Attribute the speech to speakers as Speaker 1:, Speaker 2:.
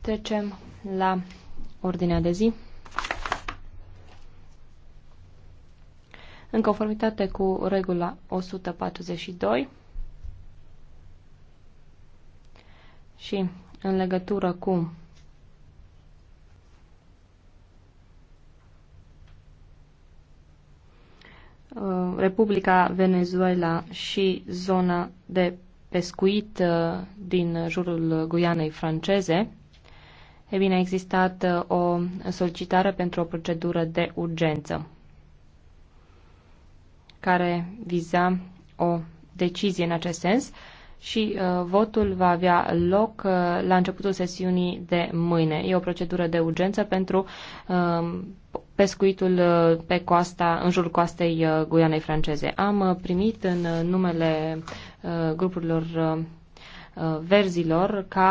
Speaker 1: Trecem la ordinea de zi. În conformitate cu regula 142 și în legătură cu uh, Republica Venezuela și zona de pescuit uh, din jurul Guianei franceze, E bine, a existat uh, o solicitare pentru o procedură de urgență care viza o decizie în acest sens și uh, votul va avea loc uh, la începutul sesiunii de mâine. E o procedură de urgență pentru uh, pescuitul uh, pe coasta, în jurul coastei uh, Guianei franceze. Am uh, primit în uh, numele uh, grupurilor uh, uh verzilor ca